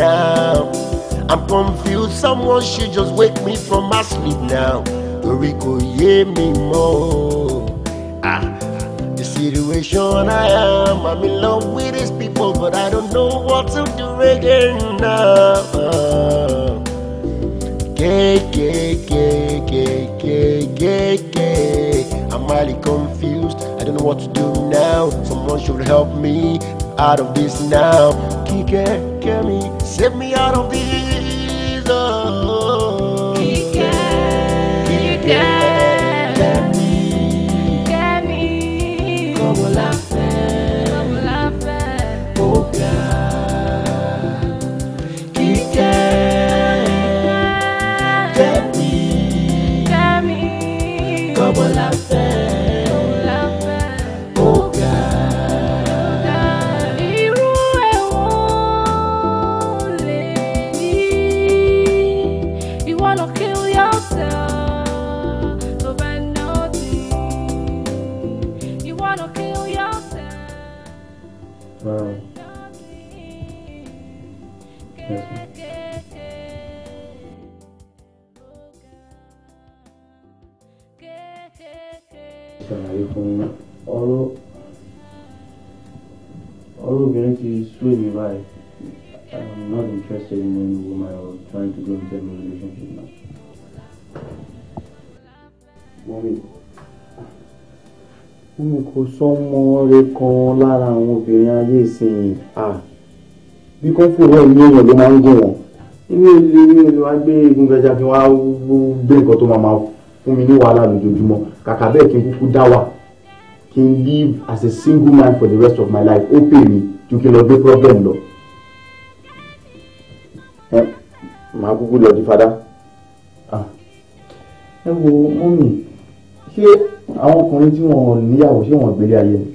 now. I'm confused, someone should just wake me from my sleep now. Lórí kò yé mi Ah, the situation I am, I'm in love with these people, but I don't know what to do again now. KKKKKKK. I'm highly confused, I don't know what to do now. Someone should help me out of this now. Kike me, Save me out of the Wow. Yes. ṣàlàyé fún ọ̀rọ̀ ọ̀rọ̀ obìnrin ti sú èmi báyìí i'm not interested in any woman or trying to go into any relationship now. Mommy mi kò sọmọ kan lára àwọn obìnrin ayé ìsìn à bí kò fòrò ẹ̀mí èèyàn ló máa ń gùn wọn inú ilé ní ìlú agbé egun gẹja fi wá gbé nǹkan tó máa fún mi ní wàhálà lójoojúmọ́ kàkà bẹ́ẹ̀ kí n kúkú dá wà kí n live as a single man for the rest of my life ó pè mí ju kí n lọ gbé problem lọ màá kúkú lọ di fada. ẹ wo mọ́mì ṣé àwọn ọkùnrin tí wọn ò níyàwó ṣé wọn gbélé ayé ni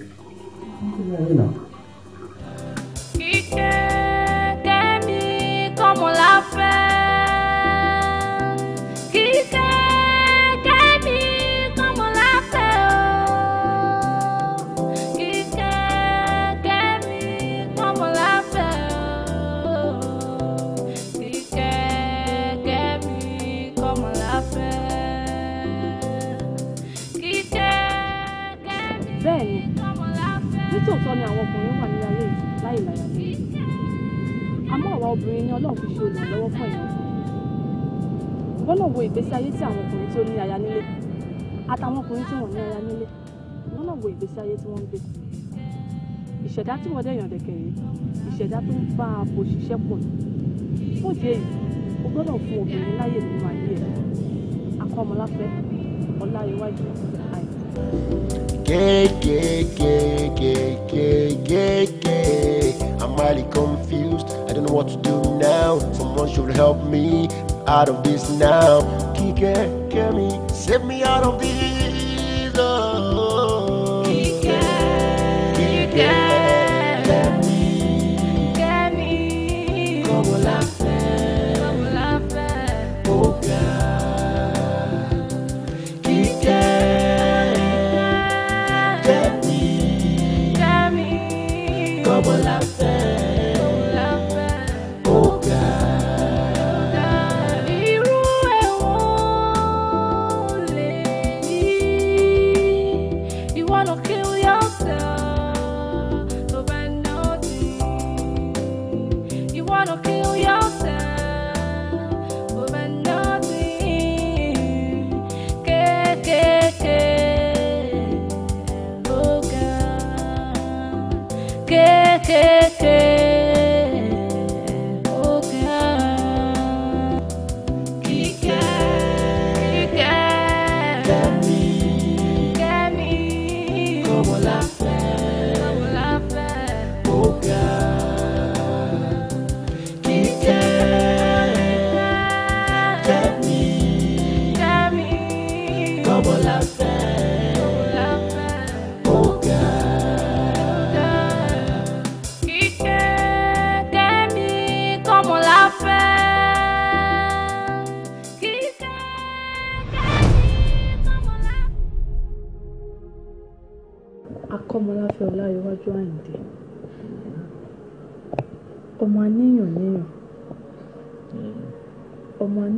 ọlọ́run fi ṣe olùrànlọ́wọ́ fún ẹ̀yàn ọkùnrin náà wo ìgbésí ayé tí àwọn ọkùnrin tí ó ní aya nílé àtàwọn ọkùnrin tí wọ́n ní aya nílé wọ́n náà wo ìgbésí ayé tí wọ́n ń gbé ìṣẹ̀dá tí wọ́n dẹ̀yàn dẹ̀kẹ̀ yìí ìṣẹ̀dá tó ń bá abo ṣiṣẹ́ pọ̀ fún ìdí èyí o gbọ́dọ̀ fún obìnrin láyè nínú ayé ẹ̀ akọ́mọláfẹ́ ọláyíwájú àìsàn. kéékèèkéèkéèkéèkéèkéèkéè mighty confused. I don't know what to do now. Someone should help me out of this now. Kike, get me, save me out of this.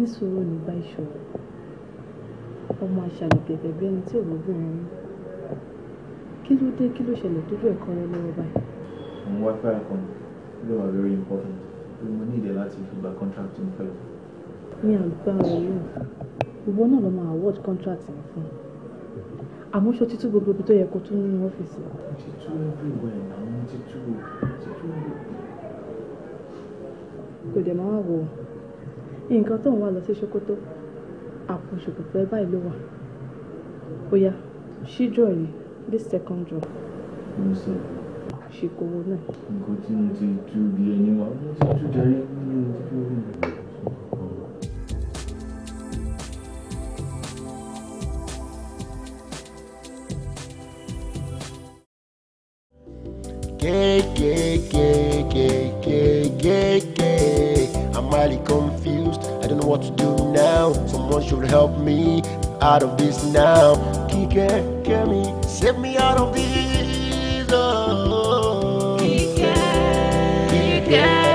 onísùúrù nígbà ìṣòro ọmọ àṣàlùgẹ̀dẹ̀ bí ẹni tí ò lóbìnrin mú kí ló dé kí ló ṣẹlẹ̀ tó bẹ̀ kọ́ lọ́wọ́ báyìí. àwọn wáfà kan ló wà very important pé mo ní ìdẹ láti gba contract mi pẹ̀lú. mi àgbára Ọlọ́run ìwọ náà ló máa award contract mi fún un àmọ́ ṣó títú gbogbo ibi tó yẹ kó tún nínú ọ́fíìsì. títú everywhere àwọn títú títú. kò dẹ̀ máa wò ó nǹkan tó ń wá lọ sí ṣòkòtò àpò ṣòkòtò ẹ báyìí ló wà ó ṣí drawer yẹn this second drawer. mo sọ náà. nǹkan tí mo ti tú bí ẹni wá mo ti tú jẹrí nínú ìdílé mi. kékékékékékéké amáríkó. what to do now. Someone should help me out of this now. Kike, me, save me out of this. Oh. Kike, Kike. Kike.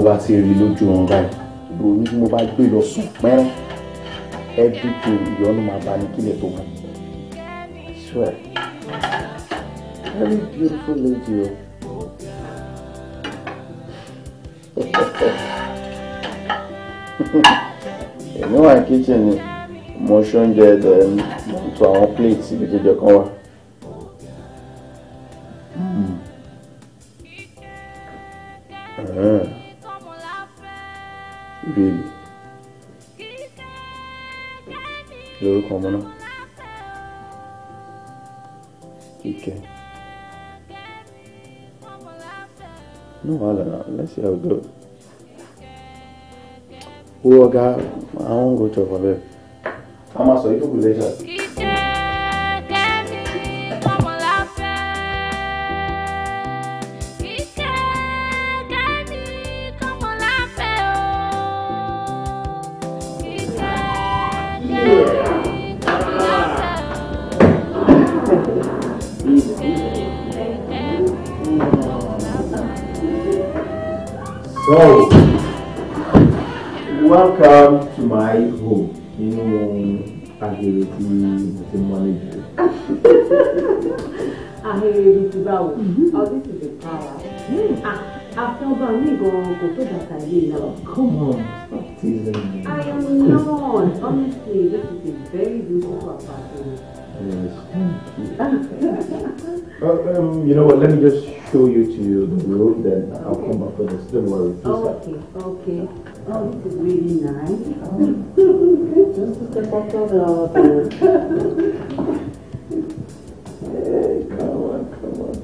bá ti rí lójú wọn báyìí ìròyìn tí mo bá gbé lọ sùn pẹ́rẹ́ everything ìyọnu máa bá ní kílẹ̀ tó mọ́ very beautiful lady o. èmi wà kitchen ni mo ṣoúnjẹ ẹ̀ um, mo tò àwọn plates ibi tó jẹ wà. No, I don't know. Let's see how it goes. Who got? I won't go to a bit. I'm sorry, you could later. So, welcome to my home. You Nínú ahèrè tí mo ti mọ ní ìlú. Ahèrè ibi ti báwo? Ọdún ti ti pa wa. Àfẹ́ọ́bà mi gan-an kò tó bàtà yìí now. Come on, stop teasing me. I am not, honestly, this is a very beautiful apartment. uh, um, you know what? Let me just show you to the room, then I'll come back for this. Don't worry. okay, start. okay. Oh, this is really nice. Oh. this is the bottle of. hey, come on, come on.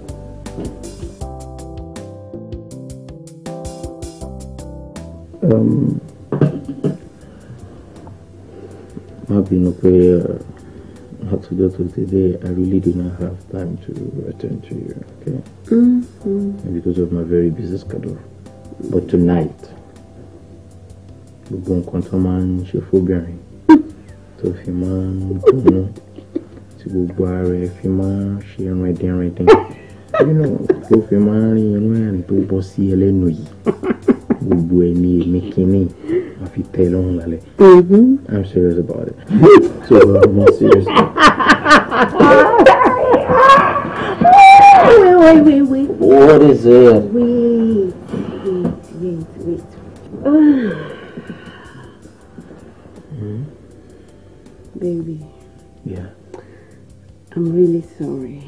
Um, I've been okay. Uh, have to go to today. I really do not have time to attend to you, okay? Mm-hmm. Because of my very busy schedule. But tonight, gbogbo nǹkan tó máa ń ṣe fóbìnrin tó fi máa ń dùnnú tí gbogbo ara ẹ fi máa ń ṣe rìndìnrìndìn nínú tó fi máa ń rin irun ẹ̀rìn tó bọ́ sí ẹlẹ́nu yìí gbogbo ẹ̀mí èmi kìíní puis t'es long allez. Mm -hmm. I'm serious about it. so I'm not serious. wait, wait, wait, wait. What is it? Wait, wait, wait, wait. Uh, mm? Baby. Yeah. I'm really sorry.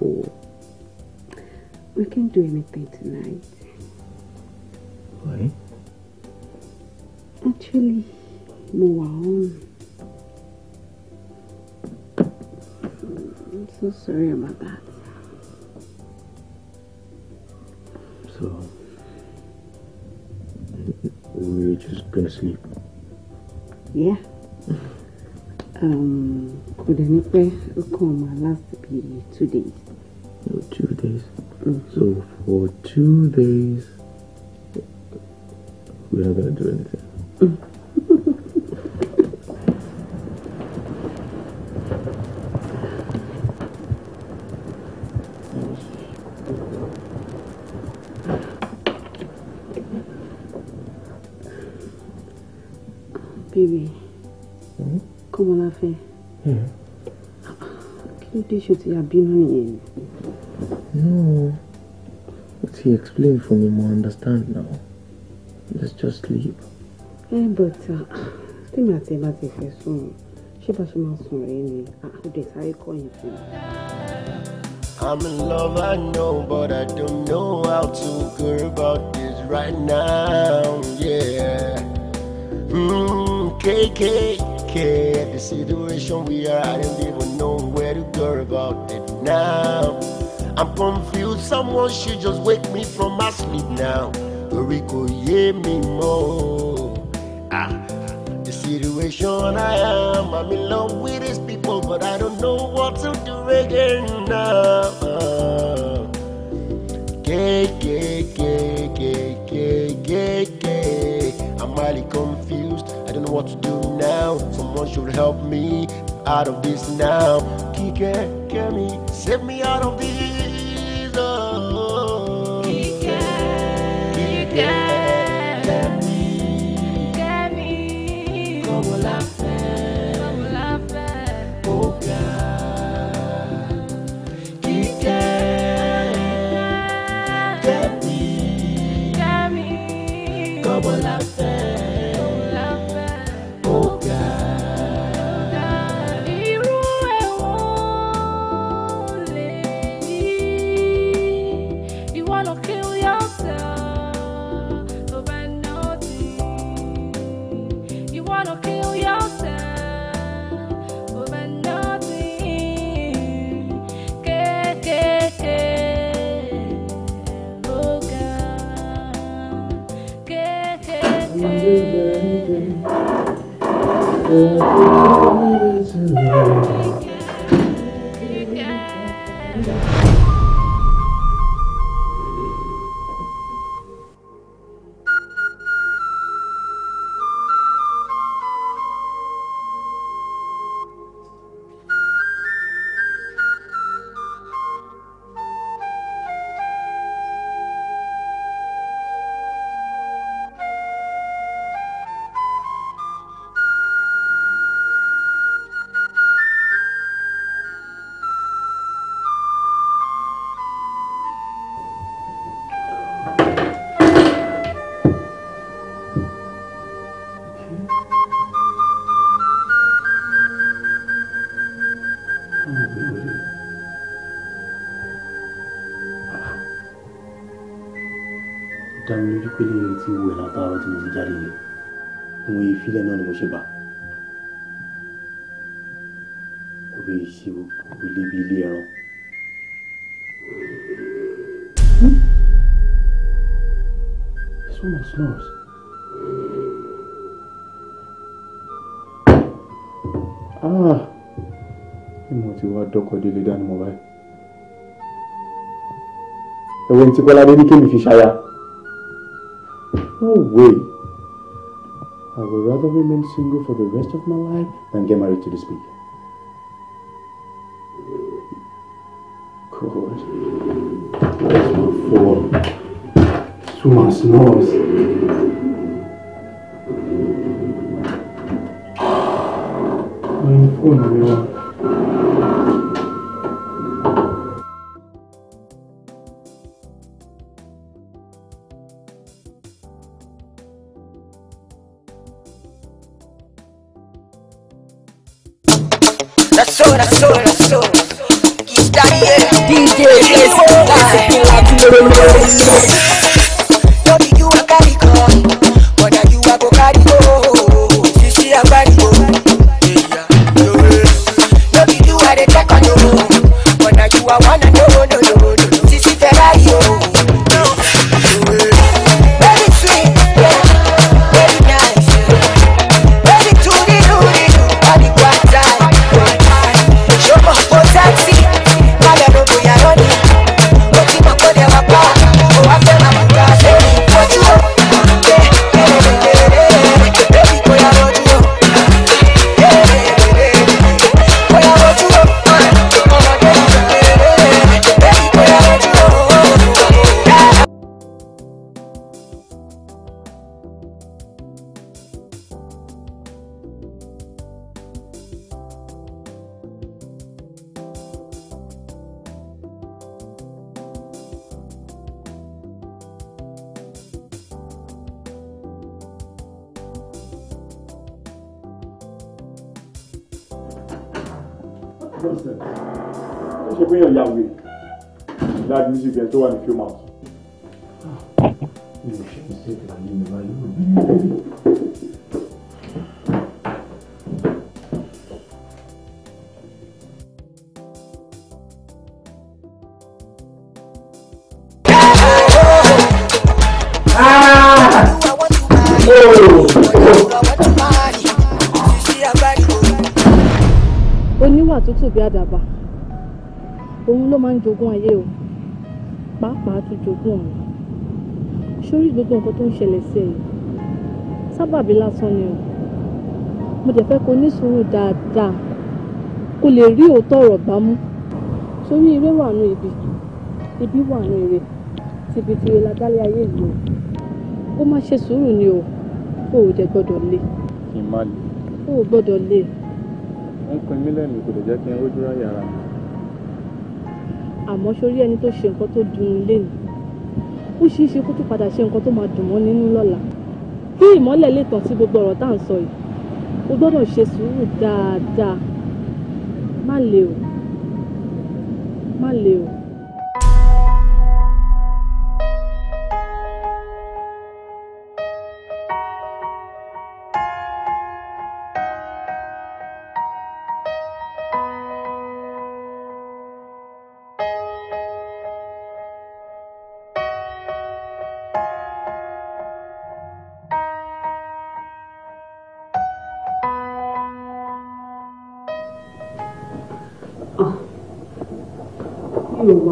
For? We can't do anything tonight. Why? actually move on. I'm so sorry about that. So, we're just gonna sleep. Yeah. um, could anybody call my last be two days? No, oh, two days. Mm -hmm. So for two days, we're not gonna do anything. ṣó ti abínú nìyẹn ni. no o he explained for me. mo understand now let's just leave. ẹ but uh, tèmi àti ẹ bá ti fẹ́ sùn ṣé bá ṣe máa sùn rẹ ni àkùdẹ sáré I'm in love, I know, but I don't know how to go about this right now, yeah. Mm, KKK, the situation we are in, the girl about it now. I'm confused, someone should just wake me from my sleep now. Hurry, could hear me more. Ah, the situation I am, I'm in love with these people, but I don't know what to do again now. I'm highly confused, I don't know what to do now. Someone should help me out of this now. He can get me, save me out of the Thank you. látàárọ̀ tí mo fi jáde yẹn òun ìfilẹ̀ náà ni mo ṣe bá òwe ìṣe ilé bíi ilé ẹran. Someone Ah! Mo ti wá dọ́kọ̀ délé dání mo báyìí. Ẹ̀wọ̀n ti Kọ́ládé ní kémi fi ṣaya. way. I would rather remain single for the rest of my life than get married to this pig. God, that's my fault. too much noise. sùn bí àdàbà òun ló máa ń jogún ayé o pàápàá tún jogún ọ̀run sórí gbogbo nǹkan tó ń ṣẹlẹ̀ sí ẹ̀ sábàbí lásán ni o mo dẹ̀ fẹ́ kó ní sùúrù dáadáa kó lè rí òótọ́ ọ̀rọ̀ bá mú sórí eré wà nù ibi ibi wà nù eré tìbìtìrì ládálẹ́ ayé yìí o ó má ṣe sùúrù ni o o ò dẹ̀ gbọ́dọ̀ le. kí n má le. o ò gbọ́dọ̀ le ń kan mí lẹ́nu kò lè jẹ́ kí n rójú ráyà ara mi. àmọ́ sórí ẹni tó ṣe nǹkan tó dùn ún lé ni ó ṣeé ṣe kó tún padà ṣe nǹkan tó máa dùn wọ́n nínú lọ́la kí ìmọ́lẹ̀ lè tàn sí gbogbo ọ̀rọ̀ tá à ń sọ yìí o gbọ́dọ̀ ṣe sùúrù dáadáa má le o má le o.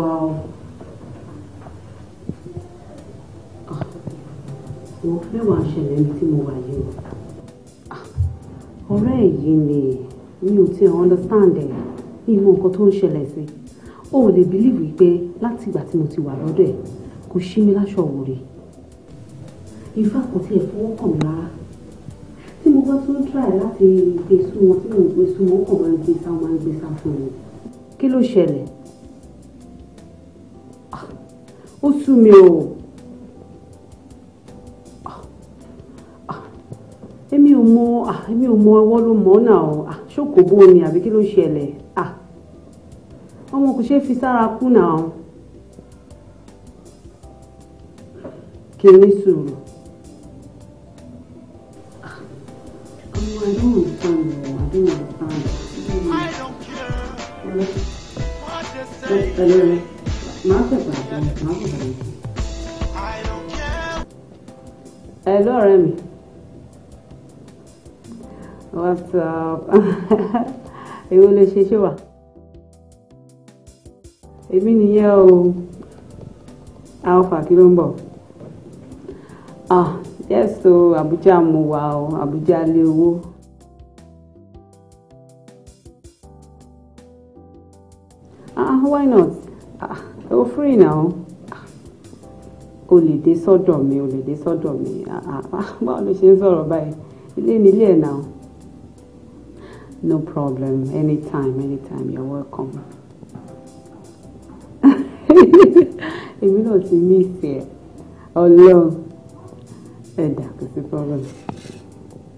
wa o. mo fẹ́ wàá ṣẹlẹ̀ ní tí mo wà yìí o. Ah, ọ̀rẹ́ yìí ni mi ò tiẹ̀ understand ẹ̀ mi mọ nǹkan tó ń ṣẹlẹ̀ sí o ò lè believe wípé láti ìgbà tí mo ti wà lọ́dọ̀ ẹ̀ kò ṣí mi láṣọ òwúrẹ́ ìfẹ́ àkọsí ẹ̀ fọwọ́ kàn mí rárá tí mo bá tún try láti gbé e súnmọ́ tí mo gbé e súnmọ́ ó kàn máa ń gbé e sá máa ń gbé sá fún mi kí ló ṣẹlẹ̀ ó o èmi ò mọ èmi ò mọ ọwọ́ ló mọ́ náà o ṣòkòbó ni àbí kí ló ṣẹlẹ̀ ọmọ kò ṣeé fi sára kú náà kí n ní sùúrù. Hello. Hello, Remy. What's up? Èwo lè ṣe ṣé wà? Èmi nìyẹn o. Alpha kí ló ń bọ̀? Ah, yes o, Abuja mo wà o, Abuja lé owó. Ah, why not? o free now o lè dé sọ́dọ̀ mi o lè dé sọ́dọ̀ mi báwo ló ṣe ń sọ̀rọ̀ báyìí ilé mi ilé ẹ̀ náà no problem anytime anytime you're welcome èmi náà ti mí ìfẹ́ ọlọ́run ẹ̀dà kò sí problem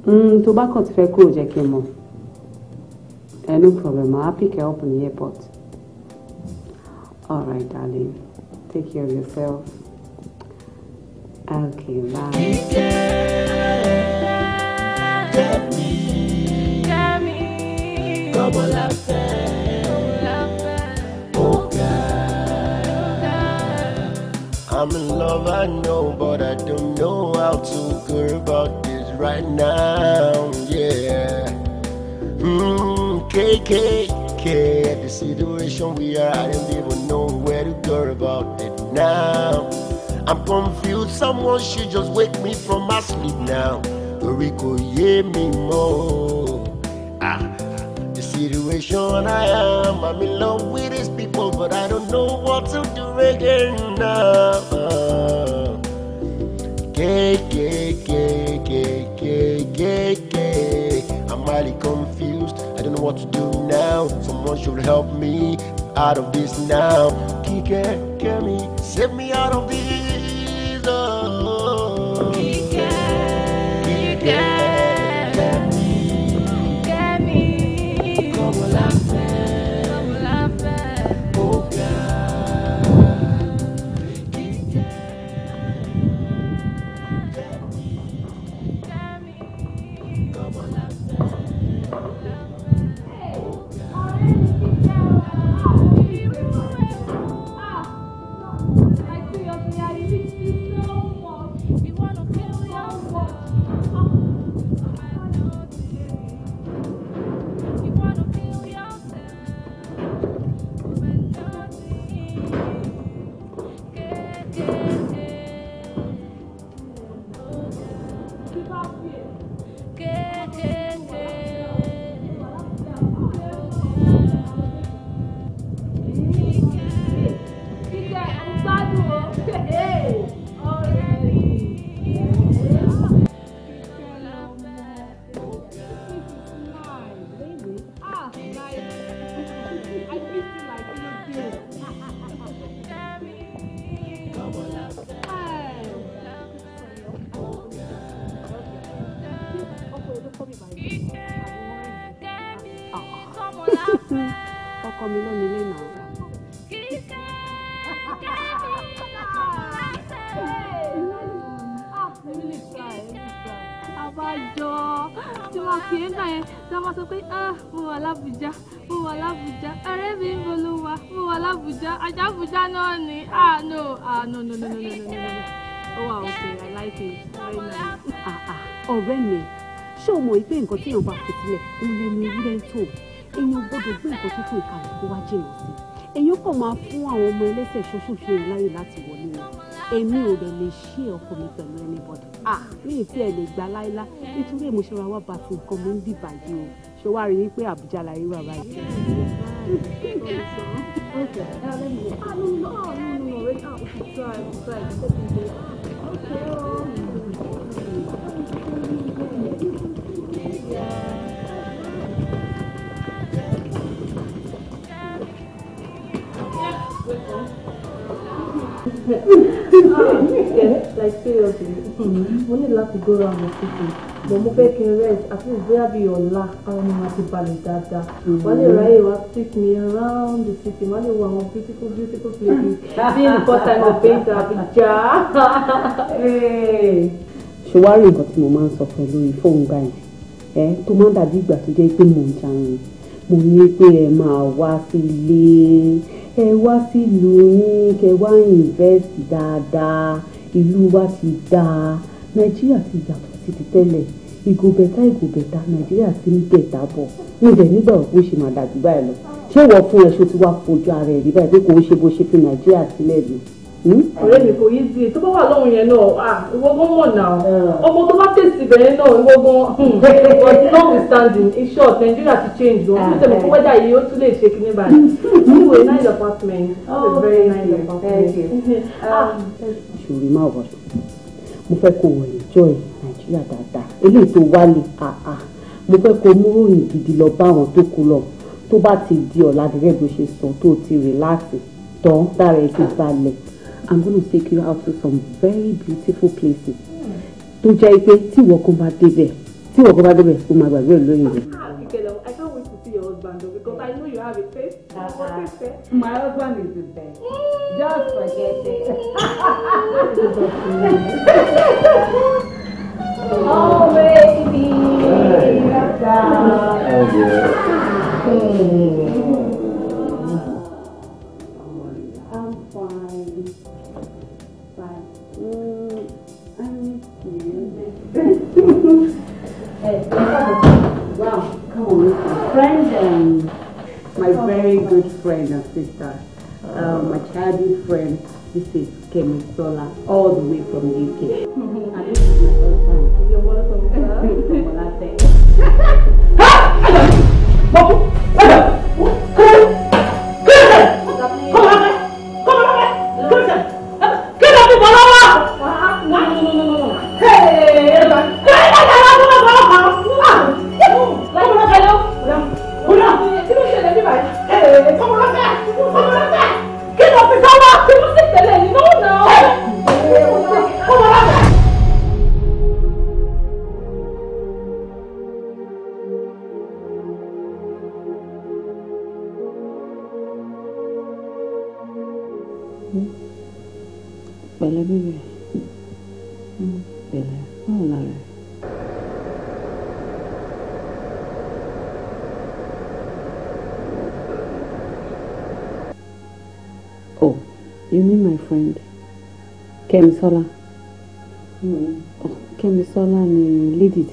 hmm, tó bá kàn ti fẹ́ kúrò jẹ́ kí n mọ̀ eh, no problem I'll pick you up in the airport. All right, darling. Take care of yourself. Okay, bye. I'm in love, I know, but I don't know how to go about this right now. Yeah. Mmm, KK looking at the situation we are. I don't even know where to go about it now. I'm confused. Someone should just wake me from my sleep now. Rico, hear me more. Ah, the situation I am. I'm in love with these people, but I don't know what to do again now. i K, K, K. I'm Maliko what to do now. Someone should help me out of this now. Kike, get me, save me out of this. nǹkan tí èèyàn bá fi sílẹ̀ ń lẹ́nu ewúrẹ́ tó èèyàn gbọ́dọ̀ gbé nǹkan tó kù ìkàlẹ̀ kó wá jìnnà sí i èèyàn kàn máa fún àwọn ọmọ ẹlẹ́sẹ̀ ṣoṣooṣo yẹn láyè láti wọlé wọn èmi ò dẹ̀ lè ṣí ọkọ mi pẹ̀lú anybody ah mi ì fi ẹ̀ lè gba láíláí nítorí èmi ṣọra bá ti nǹkan mi ń dì bàjẹ́ o ṣé wàá rí i pé àbújá la rí bàbá yìí. Okay. like seriously mo ní láti go round the city but mo fẹ́ kí n rest at least bóyá bí ọ̀la àwọn ọmọ àti balẹ̀ dáadáa wọ́n lè ráyè wá pick me around the city wọ́n lè wo àwọn beautiful beautiful places bí nǹkan time of paint Àbújá. ṣùwárí nǹkan tí mo máa ń sọ fún ẹ lórí fóònù báyìí ẹ tó máa ń dàbí ìgbà tó jẹ́ pé mò ń jarun mo ní pé ẹ máa wá sí ilé kẹ wá sílùú yín kẹ wá invest dáadáa ìlú wa ti dáa nàìjíríà ti yàtọ̀ sí ti tẹ́lẹ̀ ìgò bẹ̀tà ìgò bẹ̀tà nàìjíríà ti ń bẹ̀tà bọ̀ ní ibẹ̀ nígbà òkú ṣe máa báyìí lọ ṣé ìwọ fún ẹ ṣó ti fojú ara ẹ rí báyìí pé kò ń ṣe bó ṣe fi nàìjíríà sílẹ̀ yìí ọ̀rẹ́ mi kò yí sí i tó bá wà lọ́hùn yẹn náà ìwọ gan mọ̀ náà ọmọ tó bá tèsì bẹ̀rẹ̀ náà ìwọ gan hmm. but notwithstanding in short Nigeria ti change gan fún ìtẹ̀mọ̀ fún wẹ́dà yìí ó tún lè ṣe kíní báyìí you were nice apartment you very nice apartment. ṣòro máa wọ̀ mo fẹ́ kó o enjoy Nigeria dáadáa eléyìí tó wálé ah, ah. mo fẹ́ kó o mú ròyìn gidi lọ bá àwọn tó kú lọ tó bá ti di ọ̀la gẹ́gẹ́ bó ṣe sọ tó ti rìláàsì tán dára ẹ ti balẹ̀ i'm gonna take you out to some very beautiful places tó jẹ́ pé tí ìwọ kan bá débẹ̀ tí ìwọ kan bá débẹ̀ ó máa gbàgbé ìlú òyìnbó. Ah, I can't wait to see your husband because I know you have a face. Uh-huh. Ah, ah. eh? My husband is the best. Just forget it. oh baby, that's all. Oh, yeah. hey, wow, come on. Friend and um, my very good friend and sister, um, my childhood friend, this is Kemi Sola, all the way from UK. and this is my husband. You're welcome, sir.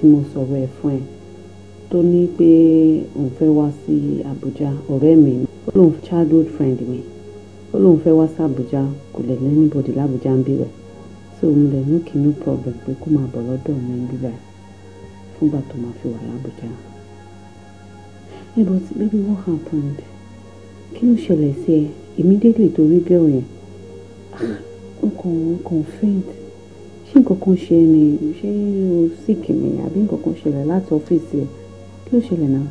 tí mo sọ̀rọ̀ ẹ̀ fún ẹ tó ní pé òun fẹ́ wá sí Àbújá ọ̀rẹ́ mi ó lóun childhood friend mi ó lóun fẹ́ wá sí Àbújá kò lè lẹ́nìbọ̀dì lábújá ń bíbẹ̀ so òun lè mú kí no problem pé kó máa bọ̀ lọ́dọ̀ mi ń bíbẹ̀ fúngbà tó máa fi wà lábújá. ẹ but baby what happened kí ló ṣẹlẹ̀ sí ẹ immediately tó rí gẹ́rù yẹn ah, ó kàn faint ṣé nǹkan kan ṣe ni ṣé o sick ni àbí nǹkan kan ṣẹlẹ̀ láti ọ́fíìsì ẹ̀ kí ló ṣẹlẹ̀ náà.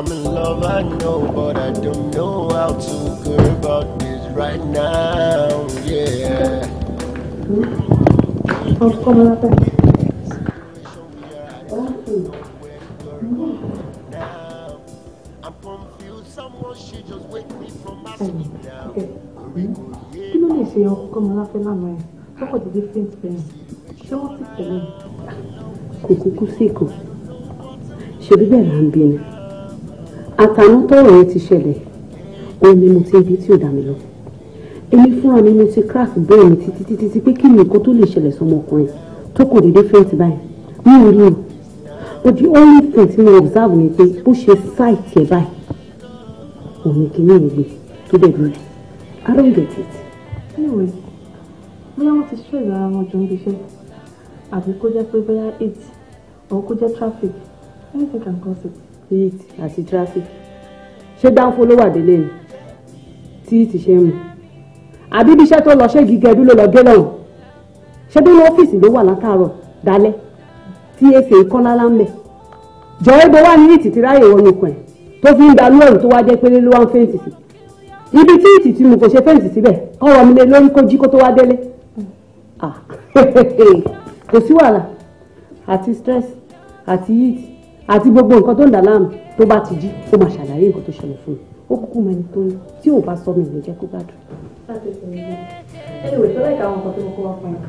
I'm in love, I know, but I don't know how to go about this right now. ọkọ mi lápẹ́. kí ló lè ṣe ọkọ mi lápẹ́ lánàá ẹ̀ lọ́kọ̀ dídí faint pain ṣé wọ́n ti tẹ̀lé. kò kúkú sí ìkó ṣebí bẹ́ẹ̀ là ń bí ni àtànú tọrọ yẹn ti ṣẹlẹ̀ òun ni mo ti ń bí tí ò dá mi lọ èmi fúnra mi mo ti crack brain títí títí tí pé kí ni nǹkan tó lè ṣẹlẹ̀ sọmọkùnrin tó kò déédéé fẹ́ǹtì báyìí mi ò rí o but the only thing tí mo observe ni pé bó ṣe ṣáìtì ẹ̀ báyìí òun kìíní ìgbè tó dẹ̀ dúró I don't get it. anyway bóyá wọ́n ti stress ara wọn jù ń bíṣẹ́ àbí kó jẹ́ pé bóyá heat or kó jẹ́ traffic anything can cause it. heat àti traffic ṣé dáńfó ló wà délé ni tí heat ṣe ń mu àbí ibi iṣẹ́ tó lọ ṣé gígẹ́dú ló lọ gé lọ́hùn ṣé bí ní ọ́fíìsì ló wà látàárọ̀ dalẹ́ tí efe kọ́lá lámẹ́ jọ ebo wà níyì títí ráyè wọnú kan ẹ̀ tó fi ń da lóòrù tó wá jẹ́ pé ló wá sí ibi tí ìtìtì mi kò ṣe fẹ́ǹsì síbẹ̀ ọ̀rọ̀ mi lé lórí kó jí kó tó wá délé kò sí wàhálà àti stress àti heat àti gbogbo nǹkan tó ń dà láàmú tó bá ti jí ó máa ṣàlàyé nǹkan tó ṣẹlẹ̀ fún mi ó kúkú mọ tó ń tí ò bá sọ mi ìrìn jẹ́ kó gbádùn. した時に、ね、でもそれがとても怖くなかっ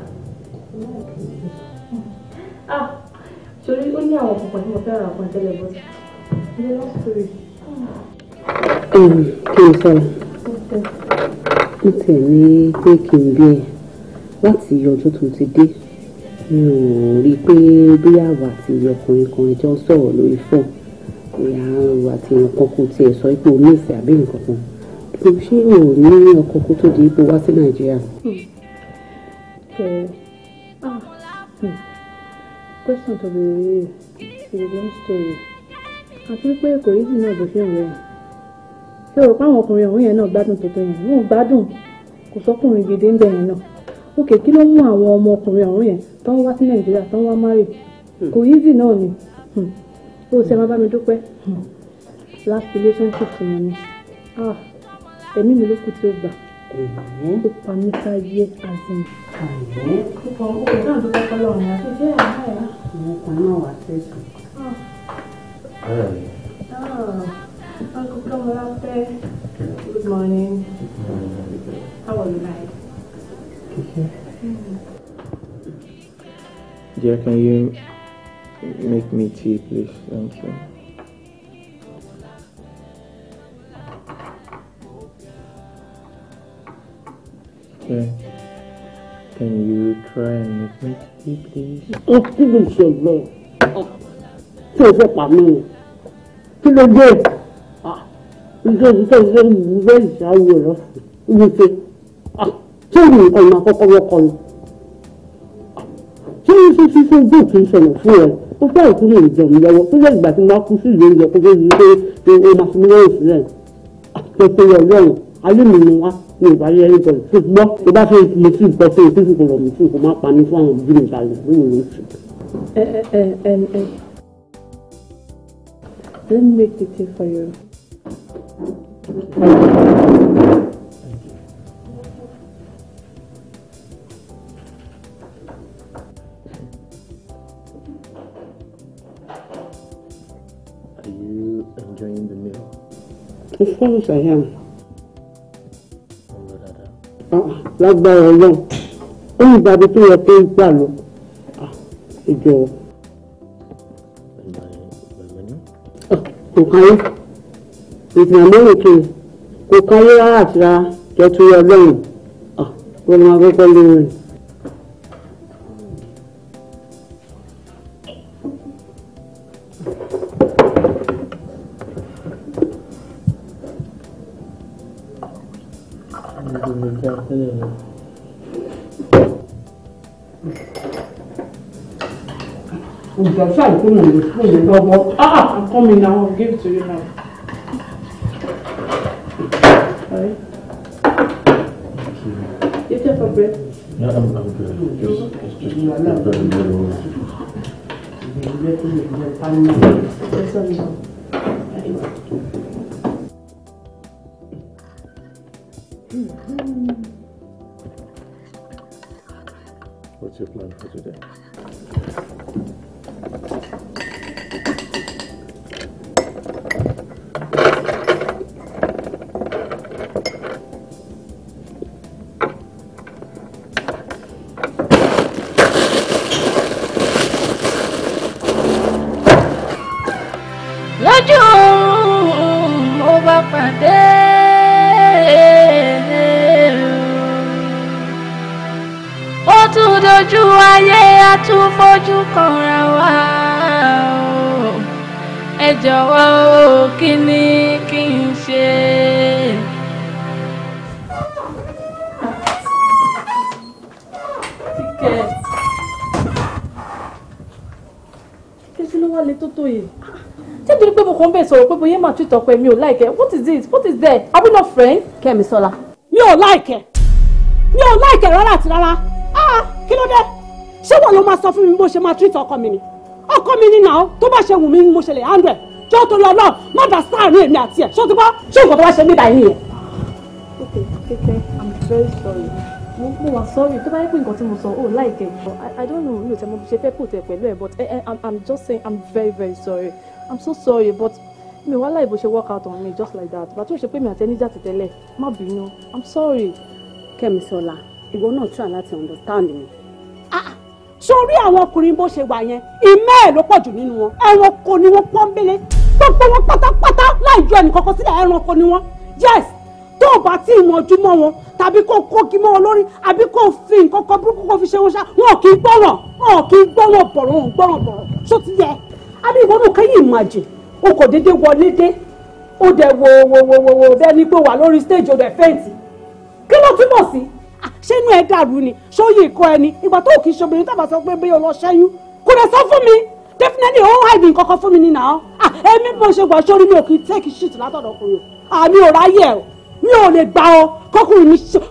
た。あ、それをにはここにもたらこれでも。で、ロストリー。ẹ̀yìn kí n sọ̀rọ̀ n tẹ̀ ní pé kí n bí ẹ̀ láti ọjọ́ tó ti dé mi ò rí i pé bí àwa àti ọkùnrin kan ẹjọ́ sọ̀rọ̀ lórí fọ́ọ̀n ìyá àti nǹkan kò tiẹ̀ sọ pé o ìfẹ́ àbí nǹkan kan mo ṣe ò ní ọkọ̀ kó tó di ipò wá sí nàìjíríà. Hmm. Hmm. Hmm. question tó béèrè is a long story àti pé kò yí sí náà bó ṣe ń rẹ̀ ṣé o páwọn ọkùnrin ọ̀hún yẹn náà gbádùn tuntun yẹn wọn ò gbádùn kò sọkùnrin gidi ń bẹ̀ yẹn náà òkè kí ló mú àwọn ọmọkùnrin ọ̀hún yẹn tó ń wá sí nàìjíríà tó ń wá márì kò yí náà ni ó ṣe máa bá mi dúpẹ́ last relationship tí mo ní. Ah ẹ̀mí mi ló kù tí ó gbà ó pa mí ká yẹ azin. ọkọ̀ ọkọ̀ náà ló kọ́kọ́ lọ́rùn àti jẹ́ àárẹ̀ rẹ̀. àwọn náà wà sẹ́sùn. ara ah. ah, rẹ̀. Uncle good morning. How are you guys? Dear, can you make me tea, please? Thank you. Sir, can you try and make me tea, please? Ó kí ló ṣẹlẹ̀? Ṣé o fẹ́ pa mí Kí ló dé? Ìjọ ìjọ ìjọ ìgbẹ́ ìṣàwọ̀ ẹ̀rọ ìwé ṣe. Ṣé ìlú ọ̀nà àkọ́kọ́ wọ́kọ ni? Ṣé o ṣe ṣe ṣe ojú òkè ìṣẹ̀lẹ̀ fún ẹ? Ó fẹ́ ìkúrò ìjọba lọ́wọ́. Ó jẹ́ ìgbà tí wọ́n á kú sí ìlú ìjọba tó fẹ́ pé o máa fi mí lọ́rùn sílẹ̀. Àtẹ̀tẹ̀ ọlọ́run, ayé mi ni wá mi ò ẹni bọ̀ tó gbọ́ tó bá fẹ́ mo sì gbọ́ pé òtún kò rọ̀ mí sí kò má pa mí fún àwọn òbí mi balẹ̀ lóyún ló sì. ẹ ẹ ẹ ẹ let me make the tea for you. Are you enjoying the meal? Of course I am lágbára ọlọ́run ó ní ìbábi tó yẹ kó gbà lọ ìjọ. kò káyé ìtàn mẹ́rin kiri kò káyé rárá àti rárá jẹ́ tó yẹ ọlọ́run ó lọ́ máa kọ́kọ́ lórí rẹ̀. ìgbà tí àlùkò mò ń mò ń ah, ah I'm coming now. I'll give it to you now. Right. You take a break. No, I'm, I'm good. Just, just, just no, no. very little. What's your plan for today? kanra wa o ẹ jọ̀wọ́ o kí ni kí n ṣe. kí ló pé mo kàn ń bẹ̀ sọ̀rọ̀ pé bóyá máa tún ìtọ́pẹ́ mi ò láìkẹ́ what is this? what is there are we not friends. Kẹ́mi Sọ́lá. mi ò láìkẹ́ mi ò láìkẹ́ rárá àti rárá máa sọ fún mi bó ṣe máa treat ọkọ mi ni ọkọ mi ni nà ó tó bá ṣe wù mí ni mo ṣe lè handle ẹ̀ jọ́ torí ọlọ́run má dà sáàrin èmi àti ẹ̀ ṣó ti bá ṣé nǹkan tó bá ṣe mí báyìí nìyẹn. okay keke i'm very sorry mo mo wa sorry tó bá yẹ pé nǹkan tí mo sọ ó láìkẹ́ but i don't know mi ò tẹ́ mo ṣe fẹ́ pòtẹ́ pẹ̀lú ẹ̀ but eh, eh, i'm i'm just saying i'm very very sorry i'm so sorry but mi wá láì bó ṣe work out on me just like that bàtú ṣe pé mi àti ẹni jà tẹ́tẹ́lẹ̀ má bínú i'm sorry. Kẹ́mi sọlá ìwọ náà try láti understand me sórí àwọn ọkùnrin bó ṣe wà yẹn ìmọ̀ ẹ̀ ló pọ̀ jù nínú wọn ẹranko ni wọ́n pọ́nbélé gbogbo wọn pátápátá láì ju ẹnì kankan sílẹ̀ ẹranko ni wọ́n yes tó o bá tí ì mọ̀jú mọ́ wọn tàbí kó o kó kí mọ́ wọn lórí àbí kó o fi nǹkan kan burúkú kó o fi ṣe wọn ṣá wọn ò kì í gbọ́ràn wọn ò kì í gbọ́ràn bọ̀rọ̀ wọn gbọ́ràn bọ̀rọ̀ ṣó ti yẹ àbí ìwọ náà kẹ́yìn ìmàjè o kò déédéé wọlé dé o dẹ̀ wò wò wò wò bẹ́ẹ̀ ni pé wà lórí stage o dẹ̀ fẹ́ǹtì kí ló túmọ̀ sí ṣé inú ẹ dàrú ni ṣóyè ikọ ẹni ìgbà tó kì í ṣe obìnrin tábà sọ pé bẹ́ẹ̀ ọlọ ṣẹ́yún kò lè sọ fún mi definitely ó hàìdì nǹkan kan fún mi nínà ọ́ èmi bó ṣe gbà sórí mi ò kì í tẹ́kì ṣìtì látọ̀dọ̀ ọkùnrin àmì ò ráyè ọ́ mi ò lè gbà ọ́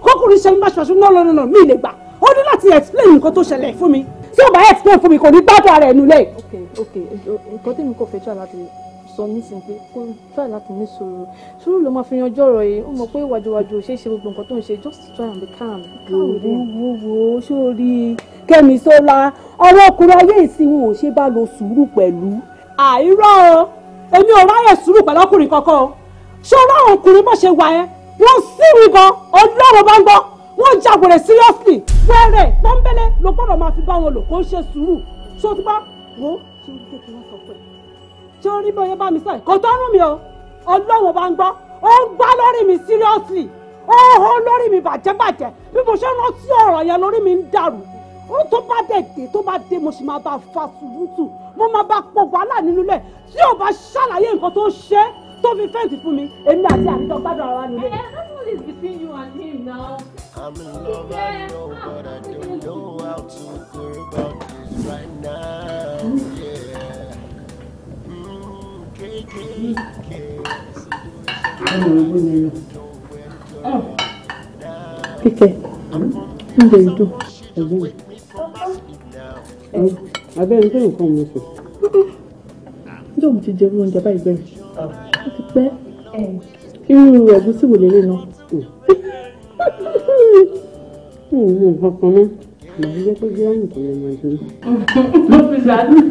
kọkùnrin ṣe mi báṣubàṣu náà lọ́nà náà mi lè gbà ó ní láti explain nǹkan tó ṣẹlẹ̀ fún mi tí ò bá explain fún mi kò ní gbádùn ara ẹ̀ nulẹ̀. ok ok nǹkan tí mi kò fẹ́ tí a láti sọ nísìnyí pé kó try láti ní sùúrù sùúrù ló máa fi yanjú ọ̀rọ̀ yìí ó mọ̀ pé wàjúwàjú ò ṣeé ṣe gbogbo nǹkan tó ń ṣe just try and be calm. wo wo wo sórí kẹ́mi sọ́lá ọ̀rọ̀ ọkùnrin ayé ìsinmi ò ṣe bá lo sùúrù pẹ̀lú. àìrọ́ èmi ò ráyè sùúrù pẹ̀lú ọkùnrin kankan ṣé ọ̀rọ̀ ọkùnrin bó ṣe wà ẹ́ wọ́n sí mi gan ọlọ́run bá ń gbọ́ wọ́n jagbèrè seriously wẹ́rẹ̀ pọ́nbẹ́lẹ́ ló gbọ́dọ̀ máa fi bá wọn lò kó ń ṣe sùúrù ṣó ti bá wo ṣe ń gbé kí wọ́n sọ ṣé ó rí bóyá bá mi sọ̀rọ̀ kò tọ́rùn mi o ọlọ́run bá ń gbọ́ ó ń gbá lórí mi seriously ó lórí mi bàjẹ́bàjẹ́ bí mo ṣe rántí ọ̀rọ̀ yẹn lórí mi ń dàrú ó tó bá dẹ̀ dé tó bá dé mo sì máa bá a fa sùúrùtù mo máa bá a pọ̀ wàhálà nínú ilẹ̀ tí ò bá ṣàlàyé nǹkan tó ń ṣe tó fi fẹ́ǹtì fún mi èmi àti àrídọ́ gbádùn ara nílé. that's what is between you and him I'm in love, I know, but I don't know how to go about this right now. Kíkẹ́, ń bẹ ìdú, ẹ̀gbọ́n mi. Abẹ́rẹ́ tó nǹkan mi sùn. Ǹjẹ́ òun ti jẹ irú oúnjẹ báyìí bẹ́ẹ̀? Ah. Ó ti pẹ́. Eh. Irú ẹ̀gúsí wò lélẹ̀ náà? Mo hmm. mọ hmm, hmm, nǹkan kan náà. Màá jẹ́ pé gíráàmù kò lè máa dúró. Mo fi sàánú.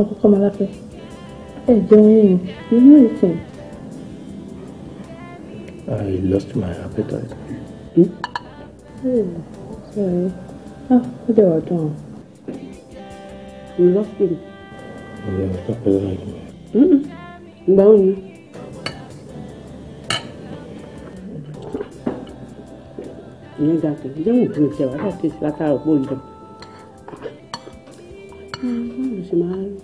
àkọ́kọ́ máa ẹ jẹun yìí you know I lost my appetite. Hmm? sorry. Ah, ó dẹ̀ wá dùn. You lost it. Ìyá mi tọ́pẹ́ láì mi. Ìgbà wo ni? ìyẹn ga kìí jẹ́ òun dùn ìṣẹ̀wá láti látara òpó ìjọ. Ah, báwo ló ṣe máa ń rí?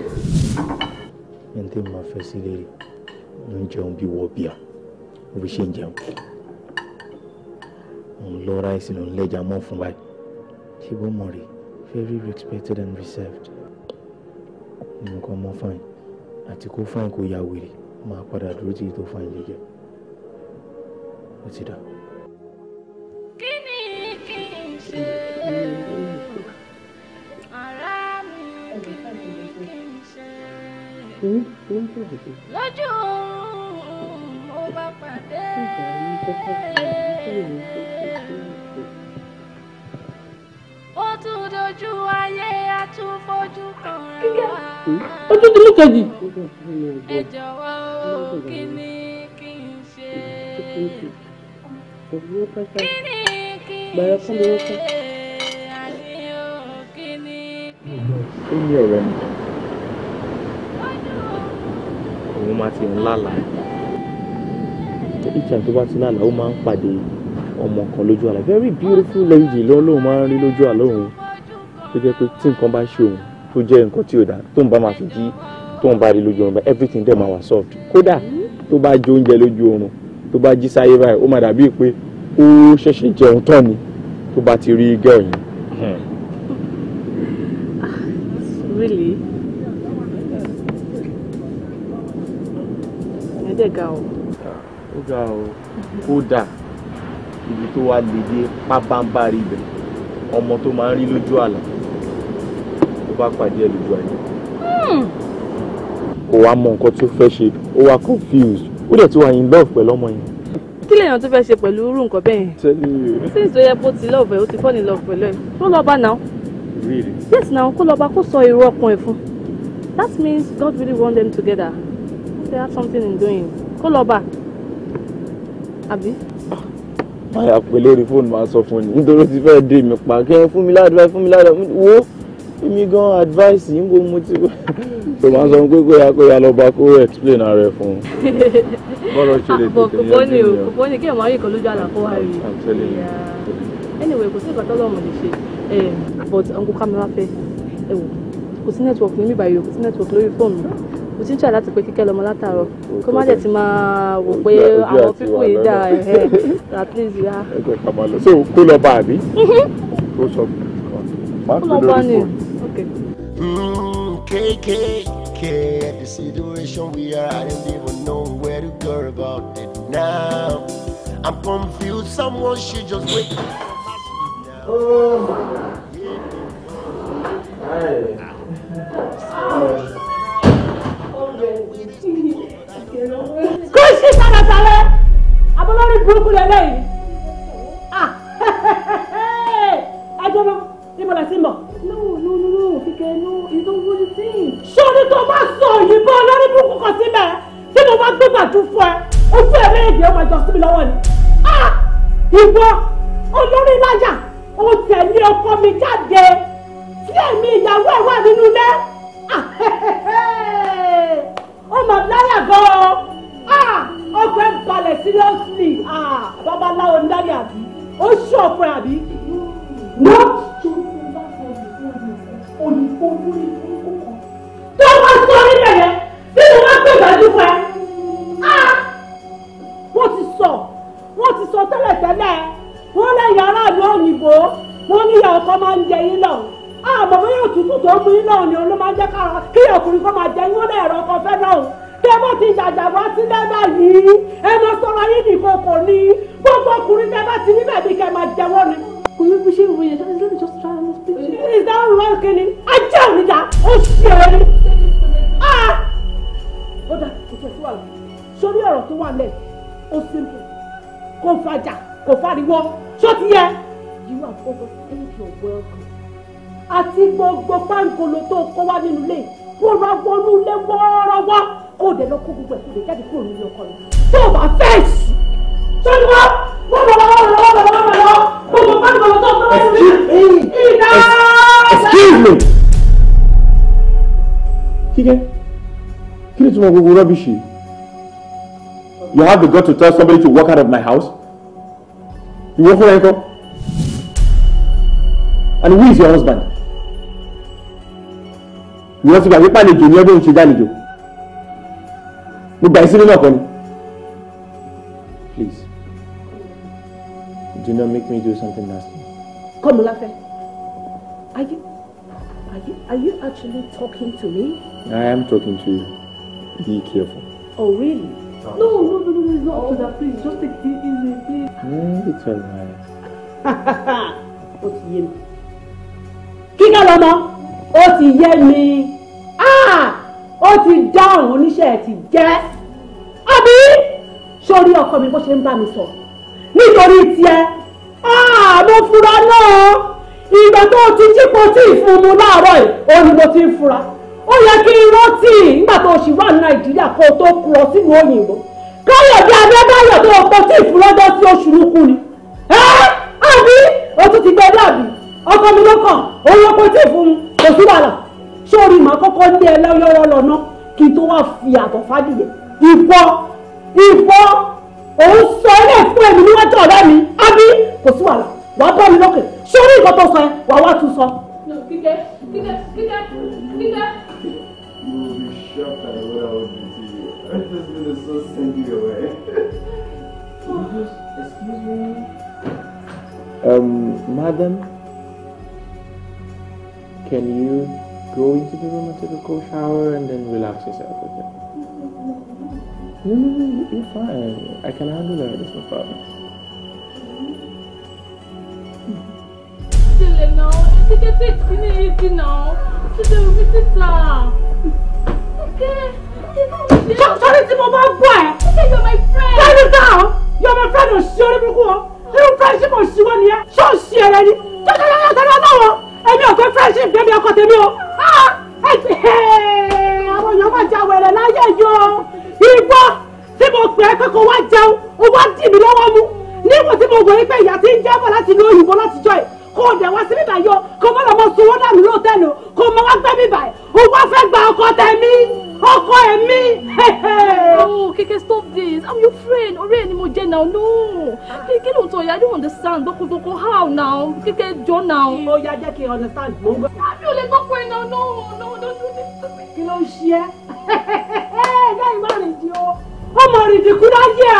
ẹni tí mo fẹ́ sí lérí ló ń jẹun bí wọ́ bíà ó fi ṣe ń jẹun òun lọ ráìsì ló ń lẹ́jà mọ́ fún báyìí ṣé bó mọ̀ rè very respected and reserved nǹkan mọ́ fáìn àti kó fáìn kó ya wèrè máa padà dúró tí ètò fáìn jẹjẹ ó ti dáa. yín tó ń bọ̀ dé. lójú mo bá pàdé. ó tún dojú ayé a tún fojú kan ra wa. ojú tí kejì. ẹ jọ̀wọ́ o kí ni kí n ṣe. kí ni kí n ṣe àní o kí ni. máa ti ń lálàá ìjà tó bá ti lálàá ó máa ń pàdé ọmọ kan lójú àlá very beautiful lady lọ́lọ́run máa ń rí lójú àlá òun tó jẹ́ pé tí nǹkan bá ṣe òun tó jẹ́ nǹkan tí ò dáa tó ń bá máa fi jí tó ń bá rí lójú oorun everything dẹ̀ máa wà soft kódà tó bá jẹ oúnjẹ lójú oorun tó bá jí sáyé báyìí ó máa dàbí pé ó ṣẹ̀ṣẹ̀ jẹun tán ni tó bá ti rí girl dẹ̀ o. ó ga o kódà ibi tó wá lè dé pábánbárì ibẹ̀ ọmọ tó máa ń rí lójú àlà tó bá pàdé ẹ̀ lójú àyè. Hmm. kò wá mọ nǹkan tó fẹ́ ṣe ó wá confused ó dẹ̀ ti wà in love pẹ̀lú ọmọ yẹn. kí lèèyàn tó fẹ́ ṣe pẹ̀lú irú nǹkan bẹ́ẹ̀ yẹn. sí ìtòyẹ bó ti lọ́ọ̀bẹ̀ ó ti fall in love pẹ̀lú ẹ̀ tó lọ́ọ́ bá náà. yes náà kó lọ́ọ́ bá kó sọ èrò ọkàn ẹ̀ fún. that means God really want them together still have something in doing Call Oba. Abi. àbí. báyà pé lórí phone, máa sọ fún mi nítorí ó ti fẹ́ dé mi pa kẹ́ fún mi ládùúgbò fún mi ládùúgbò wo mi gan advice yìí ń bo mo ti tó máa sọ pé kó ya kó ya lọ bá kó explain ara ẹ fún un. bọ́lá ṣe lè tètè yẹn kò ní o kò ní kí ẹ̀ mọ́ ayé kan lójú àlàfo wa rí i. anyway kò sí nǹkan tó lọ́wọ́ mo lè ṣe um, but uncle kamara fẹ́ ẹ wò kò sí network níbí báyìí kò sí network lórí fóònù mo ti ń try láti pé kíkẹ́ lọ́mọ látàárọ̀ kó má jẹ́ ti máa wò pé àwọn pípò yìí dà ẹ̀ at least ya. ẹgbẹ́ ká máa lọ sí kó lọ bá àbí kó sọ má pè lórí fún. Mm, kéékèèké the situation we are I don't even know where to go about it now I'm confused someone should just wait. Oh. Hey. Oh kò sí sálẹsálẹ abọlọrí burúkú lẹlẹyìn ah, ẹjọ lọ ìmọ̀lẹ̀ sí mọ̀. no no no no kíkẹ́ no you don't want to sing. sọ́ni tó bá sọ òyìnbó lórí burúkú kan síbẹ̀ tí mo bá gbégbà tún fún ẹ ojú ẹ méje ọmọ ìjọ sí lọ́wọ́ ni. Ah, ìwọ olórí láyà o tẹ̀lé ọkọ mi jáde tí èmi ìyàwó ẹ̀ wà nínú ilé. Ah, ó mà láyà gan-an ọgbẹ́ balẹ̀ seriously babaláwo ń dárí àbí ó ṣọ̀pẹ́ àbí. ọkùnrin náà ni olú máa jẹ́ kára kí ọkùnrin kan máa jẹ ìwọlé ẹ̀rọ kan fẹ́ lọ́hùn tẹ bá ti jàjàbá sílẹ̀ báyìí ẹ máa sọ̀rọ̀ yín nìkan kò ní gbogbo ọkùnrin tẹ ti níbẹ̀ bí kẹ máa jẹ́wọ́ ni. kò yẹ bí ṣe ìwé yẹn dáná lórí just try and speak. is that wrong kini ajá òrìjà ó ṣe ọ ni. Ah! ó dà kò tẹ̀ sí wàhálà sórí ọ̀rọ̀ tó wà lẹ̀ ó simple kò fàjà kò fàriwọ́ ṣó ti yẹ. you are over and you welcome àti gbogbo páńkolo tó kọ́ wá nínú ilé kó ra wọnú ilé wọ́ọ́rọ́wọ́ kó dẹ̀ lọ kó gbogbo ẹ̀sùn lè jáde kúrò nílé ọkọ rẹ̀ tó o bá fẹ́ sí. sọ́ni wá wọ́n bọ̀ lọ́wọ́ lọ́wọ́ lọ́wọ́ lọ́wọ́ lọ́wọ́ gbogbo páńkolo tó kọ́ wá nínú ilé ìdá. excuse me. kíkẹ́ kí ni tí wọ́n gbogbo rọ́bì ṣe. You have the gut to tell somebody to walk out of my house? You won't hold And who is your husband? ìwọ́n ti gbàgbé pàlejò ní ọdún ìṣe jálejò mo gbà ìsinmi náà kọ́ ni. please do not make me do something nasty. Come, Kọ́mọláfẹ́ are you are you are you actually talking to me. I am talking to you be careful. oh really. No, no, no, no, no. it's not up that. Please, just take it easy, please. Ha ha ha. Ó ti yé mi. Kíkẹ́ lọ́mọ ó ti yé mi ah! ó ti dáhùn oníṣẹ́ ẹ̀ ti jẹ́ àbí sórí ọkọ mi bó ṣe ń bá mi sọ nítorí tiẹ̀ ah! mo fura náà ìgbà tó ti jí kò tí ì fún mu láàárọ̀ yìí mo ti ń fura ó yẹ kí n rántí nígbà tó ṣì wà ní nàìjíríà kó tó kúrọ sínú òyìnbó káyọ̀dé adébáyọ̀ tó kò tí ì fún lọ́jọ́ sí oṣù lukú ni àbí o tún ti gbẹ dàbí ọkọ mi ló kàn òun kò tí ì fún un kò sí wàhálà sórí màá kọ́kọ́ lé ẹ lọ́wọ́ lọ́nà kí n tó wá fi àtọ̀ fàdìyẹ ìfọ́ ìfọ́ òun sọ ilé fún èmi níwájú ọ̀rẹ́ mi àbí kò sí wàhálà wà á bọ́ mi lókè sórí nǹkan tó sọ ẹ wà wá tún sọ. kíkẹ́ kíkẹ́ kíkẹ́ kíkẹ́. Um, madam. Can you go into the room and take a cold shower and then relax yourself with okay? it? No, no, no, you're fine. I can handle that. It's no problem. Silly now. I think I take it easy now. Today will be sister. Okay. Stop talking to my boy. Okay, you're my friend. Turn it down. You're my friend. You're my friend. You're my friend. You're my friend. You're my friend. You're my friend. You're my friend. You're my friend èmi ò pé friendship débi ọkọ tèmi o ah! àwọn èèyàn máa ja wẹ̀rẹ̀ láyé yìí o ìbọn tí mo pè é pé kó wá jẹun ó wá dì mí lọ́wọ́ mú níwọ̀n tí mo wọ̀ yí pé ìyá ti ń jábọ̀ láti lo òyìnbó látijọ́ yìí kó o dẹ̀ wá sí bíbá yọ kó o lọ́mọ sunwó dànù lóòótẹ́lì kó o má wá gbẹ́ bíbá ẹ̀ o wá fẹ́ gba ọkọ tẹ̀mí ọkọ ẹ̀mí. oh keke stop this i'm your friend ọ̀rẹ́ ẹni mo jẹ́ now no keke ló ń sọ understand dọ́kọ̀dọ́kọ̀ how now keke jọ now. ó yá jẹ́ kí n understand mo gbọ́. àbí ah, o lè gbọ́kọ̀ ẹ̀ náà no no don't do this to me. kí ló ń ṣe ẹ́ ẹ́ ẹ́ ẹ́ ẹ́ má rìn di o ó mọ̀ rìn dìkú dájẹ́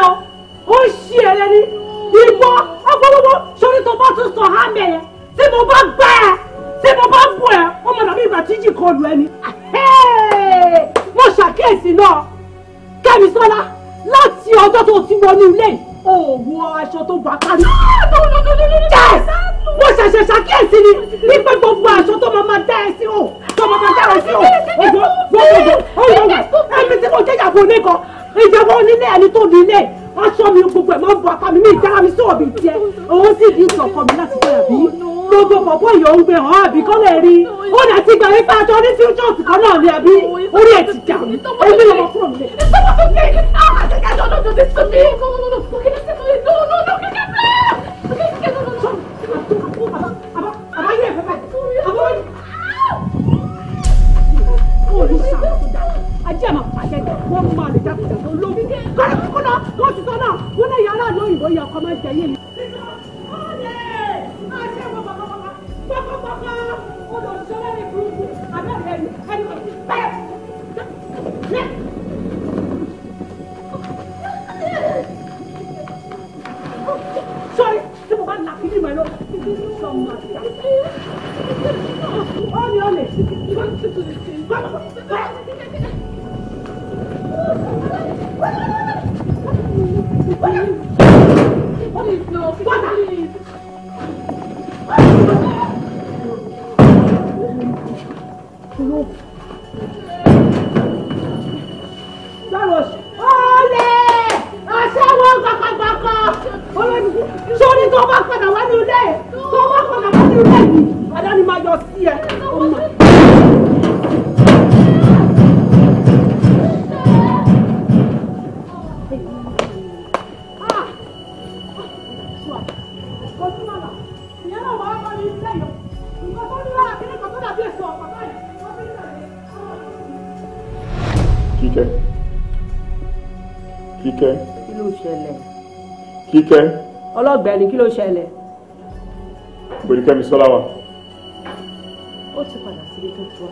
o ó ṣì ẹ̀rẹ́ ni ìwọ ọgbọ́gbọ́gbọ́ sórí tó bá tún sọ hàn bẹ̀rẹ̀ tí mo bá gbà ẹ́ tí mo bá bù ẹ́ ó mọ̀ dàbí ìgbà tí jì kọlù ẹni. mo ṣàkíyèsí náà kẹ́mi sọ́lá láti ọjọ́ tó ti wọnú ilé òògùn aṣọ tó gbà kárí. mo ṣẹ̀ṣẹ̀ ṣàkíyèsí ni wípé gbogbo aṣọ tó máa máa dá ẹ sí o tó máa máa dá ẹ sí o òjò gbogbo òjò ẹ̀mí tí mo jẹ́ ìyàwó oníkan ìjẹ́wọ́ onílé ẹni tó ní aṣọ mi gbogbo ẹ̀ máa ń bọ apá mi mi ìdára mi sọ̀rọ̀ mi jẹ òun sì di ìsọ̀kan mi láti fẹ́ àbí gbogbo pọ̀pọ̀ ìyọ̀ ń gbẹ hàn àbí kọ́ lè rí ó nà ti gbà wípé àjọ ní futures kan náà ni àbí orí ẹ̀ ti jà mí èmi lọ́mọ kúrò nílé. Oh, you sound so dumb ajé àmà pàṣẹ wọn máa lè jáde jáde olóògùn kọ́nà kọ́nà wọ́n ti sọ náà wọ́n náà yàrá àná yà ọkọ máa jẹ yé mi. Sorry, tí mo bá dọ̀gbẹ́ni kí ló ṣẹlẹ̀. Gbèdékẹ́mi Sọ́lá wa. Ó ti padà sílé tó tu wa.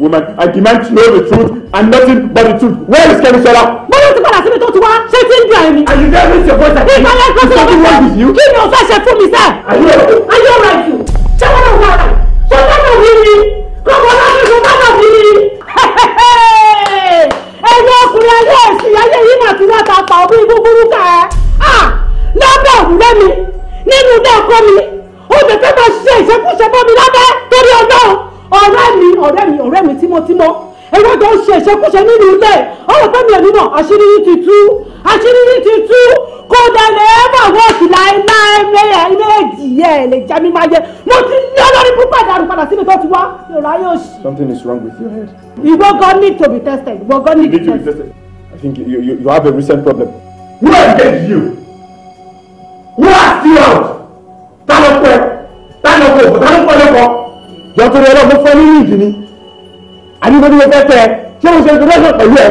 Woman, I demand to know the truth and nothing but the truth. Where is Kemi Sọ́lá? Wọ́n ló ti padà sílé tó tu wa. Ṣé ti ń bí àyè Are you there with your voice? Ìgbà yẹn kọ́ sí ọmọ sẹ́ẹ̀. Kí ni o fẹ́ ṣe fún mi sẹ́ẹ̀? Are you alright? Are you alright? Ṣé wọ́n náà wà? Ṣé wọ́n náà wí ni? iná ẹ̀mẹ́ iná ẹ̀jìyẹ ẹ̀ jẹ́ mi máa mo ti ní olórí púpọ̀ ìdàrú padà síbi tó ti wá yorùbá yóò ṣe. something is wrong with your head. ìwọ gan need to be tested ìwọ gan need to be tested. I think you, you, you have a recent problem. Where engaged you? Who asked you out? Ta ló pẹ́? Ta ló pẹ́? Ta ló pẹ́ lọ́kọ̀? Jọ̀tún rẹ̀ lọ́gbọ́n fún ẹ nínú ìdí ni. Àdúgbò ní o fẹ́ tẹ ẹ. Ṣé mo ṣe ìdúró ẹ̀sán pẹ̀lú ẹ?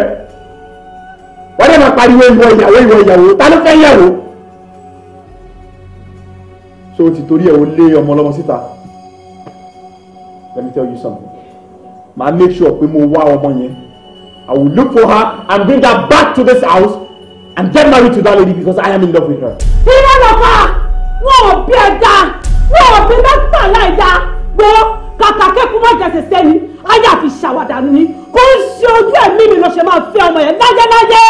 Wọ́n dẹ̀ máa pariwo ìwọ ìyàwó ìwọ ìyàwó. Ta fẹ́ yàwó? so o ti torí ẹ̀ o lé ọmọ ọlọ́mọ síta let me tell you something màá make sure pé mo wá ọmọ yẹn I will look for her and bring her back to this house and get married to that lady because I am in love with her. Bílẹ̀ lọ́fà wọn ò bí ẹja wọn ò bí mẹ́fà láìda wo kàkà kẹ́kọ̀ọ́ má jẹ́ sẹ́sẹ́ ni ayé àfi ṣàwàdà ni kò ń ṣe ojú ẹ̀mí mi ló ṣe máa fẹ́ ọmọ yẹn láyé láyé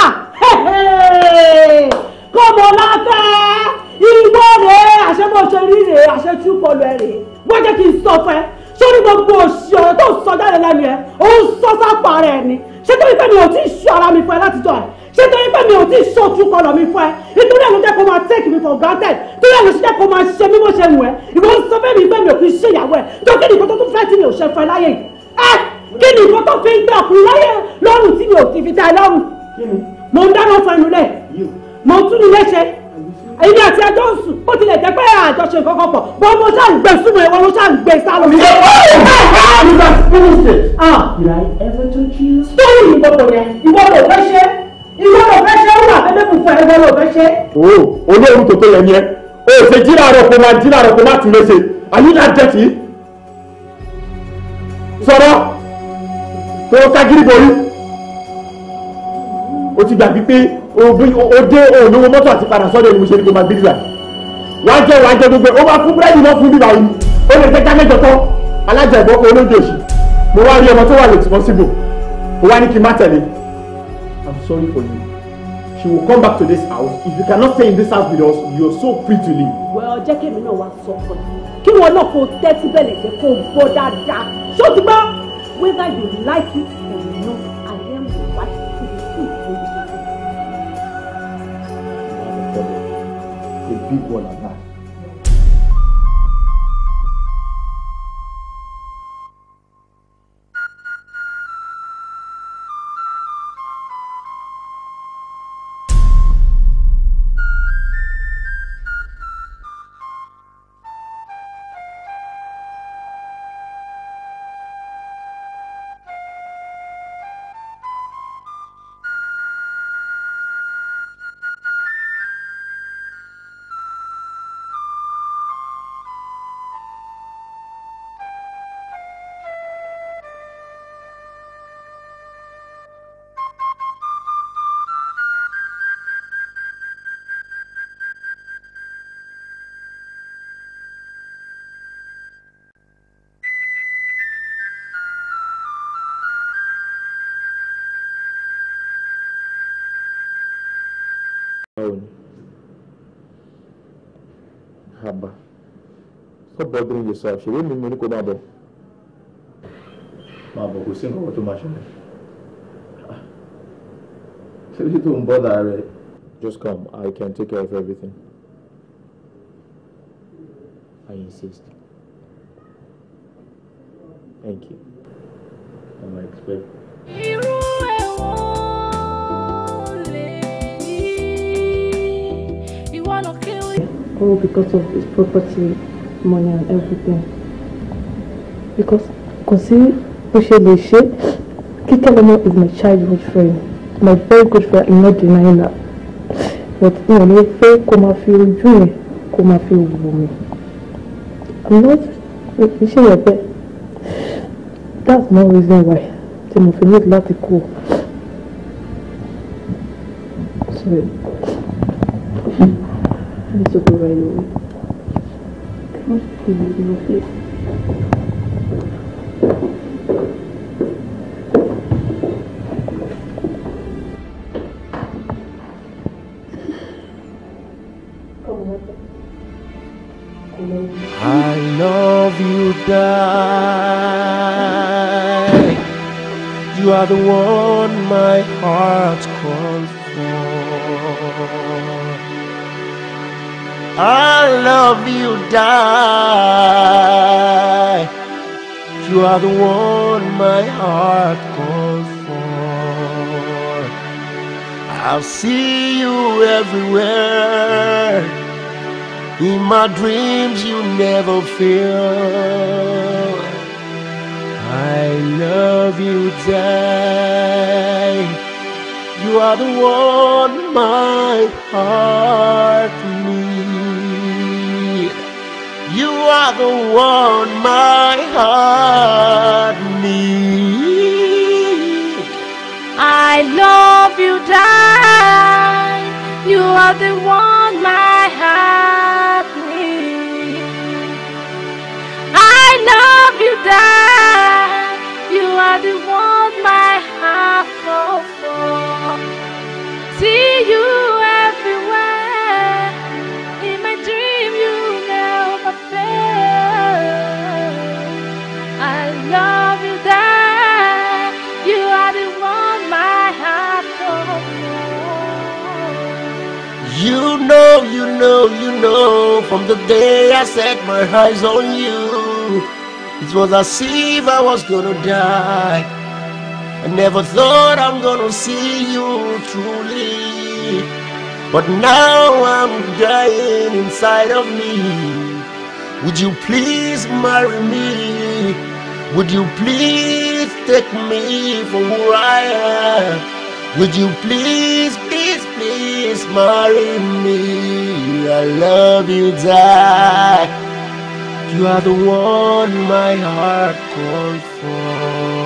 ah kọ́mọ láfẹ́ ìwọ rèé àṣẹ bó ṣe rí rèé àṣẹ tí ó pọlù ẹ rèé wọ́n jẹ́ kí n sọ fún ẹ sórí gbogbo òṣì ọ̀rọ̀ tó sọ jáde lẹ́nu ẹ ó ń sọ sápò ara ẹ ni ṣé torí pé mi ò tí ì ṣọ́ ara mi fún ẹ látijọ́ ẹ ṣé torí pé mi ò tí ì ṣọ́ ojú kọlọ̀ mi fún ẹ nítorí ẹ̀ ló jẹ́ kó máa take me for granted torí ẹ̀ ló ṣe jẹ́ kó máa ṣe mí bó ṣe wù ẹ ìwọ ń sọ fẹ́ mi pé mi ò fi ṣe ìyàwó ẹ tó kí ni ìkọ́ tó tún fẹ́ tí mi ò ṣe fún ẹ láyé yìí ẹ kí ni ìkọ́ tó fi ń gbé ọkùnrin láyé lọ́rùn tí mi ò ti fi ta ẹ lọ́rùn mo ń dáná fún ẹnu lẹ̀ mo ń tún ilé èmi àti ẹjọ́ ń sùn ó tilẹ̀ jẹ́ pé àjọṣe kankan pọ̀ bọ́ mo ṣáà ń gbẹ súnmọ́ ẹ̀wọ̀n mo ṣáà ń gbẹ sálọ. sọ́ọ̀rì ìgbọ̀gbọ̀ yẹn ìwọ ló fẹ́ ṣe ìwọ ló fẹ́ ṣe ó wà fẹ́ mẹ́kùn fún ẹ̀wọ̀n ló fẹ́ ṣe. o olóòrùn tó tó yẹ ni ẹ o ò ṣe jìnnà rẹ kó máa jìnnà rẹ kó máa tún lè ṣe àyè náà jẹ tì í. sọ̀rọ̀ tó kágírí borí o ti gbàgbé pé òde òlówó mọ́tò àti padà sọ́dọ̀ ni mo ṣe ní kó máa bíbí báyìí wàá gbogbo ó fún búrẹ́dì náà fún bíbá yìí ó lè jẹ́ jákèjọ tán alájà ìbọn kan òsì mo wá rí ọmọ tó wà responsible ó wá ní kí n má tẹ̀lé I'm sorry for you she will come back to this house if you cannot stay in this house with us you are so free to leave. well jẹ́ kí èmi náà wá sọ fún ẹ kí wọn náà kó tẹ́tí bẹ̀lẹ̀ jẹ́ kó gbọ́ dáadáa ṣó ti gbọ́ whether you like it big baller. báwo ni haba stop bothering yourself ṣèlú mi mo ní kó máa bọ̀. máa bọ̀ kò sí nǹkan tó máa ṣẹlẹ̀ ṣébí tó ń bọ́dà rẹ̀. just come I can take care of everything I insist thank you. I'm expecting. all because of his property, money and everything. Because kò sí bó ṣe lè is my childhood friend, my very good friend, I'm not denying that. But you know, ní fẹ́ kó máa fi ojú yẹn kó I'm not iṣẹ́ your bed. That's no reason why tí mo fi need láti Sorry. you. I'll see you everywhere. In my dreams, you never fail. I love you, Dad. You are the one my heart needs. You are the one my heart needs. I love you die. You are the one my heart needs. I love you die. You are the one my heart calls for. See you. You know, you know, you know, from the day I set my eyes on you, it was as if I was gonna die. I never thought I'm gonna see you truly, but now I'm dying inside of me. Would you please marry me? Would you please take me for who I am? Would you please, please, please marry me? I love you, die. You are the one my heart calls for.